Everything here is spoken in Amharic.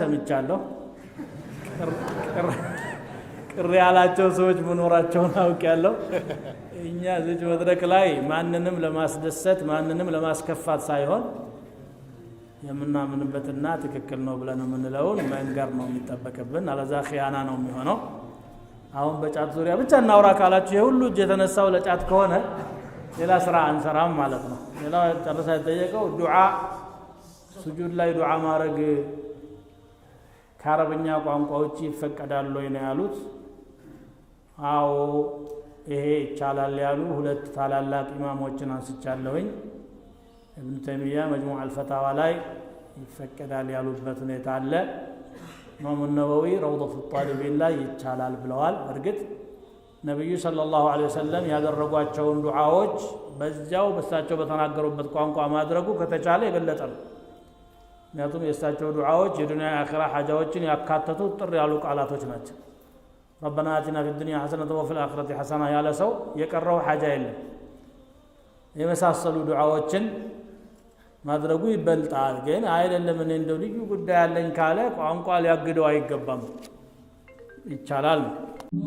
ሰምቻለሁ። ቅር ያላቸው ሰዎች መኖራቸውን አውቄያለሁ። እኛ እዚህ መድረክ ላይ ማንንም ለማስደሰት ማንንም ለማስከፋት ሳይሆን የምናምንበትና ትክክል ነው ብለን የምንለውን መንገር ነው የሚጠበቅብን። አለዛ ኪያና ነው የሚሆነው። አሁን በጫት ዙሪያ ብቻ እናውራ ካላችሁ የሁሉ እጅ የተነሳው ለጫት ከሆነ ሌላ ስራ አንሰራም ማለት ነው። ሌላ ጨረሳ የጠየቀው ዱዓ፣ ሱጁድ ላይ ዱዓ ማድረግ ከአረበኛ ቋንቋ ውጭ ይፈቀዳል ወይ ነው ያሉት። አዎ ይሄ ይቻላል ያሉ ሁለት ታላላቅ ኢማሞችን አንስቻለሁኝ። እብኑ ተይሚያ መጅሙዕ አልፈታዋ ላይ ይፈቀዳል ያሉበት ሁኔታ አለ። ኢማሙ ነወዊ ረውደቱ ጣሊቢን ላይ ይቻላል ብለዋል። እርግጥ ነቢዩ ሰለላሁ ዐለይሂ ወሰለም ያደረጓቸውን ዱዓዎች በዚያው በሳቸው በተናገሩበት ቋንቋ ማድረጉ ከተቻለ የበለጠ ነው። ምክንያቱም የእሳቸው ዱዓዎች የዱንያ አኺራ ሓጃዎችን ያካተቱ ጥር ያሉ ቃላቶች ናቸው። ረበና አቲና ፊ ዱኒያ ሐሰነተ ወፊ አኺረቲ ሐሰና ያለ ሰው የቀረው ሓጃ የለም። የመሳሰሉ ዱዓዎችን ማድረጉ ይበልጣል። ግን አይደለም እኔ እንደው ልዩ ጉዳይ አለኝ ካለ ቋንቋ ሊያግደው አይገባም። ይቻላል ነው።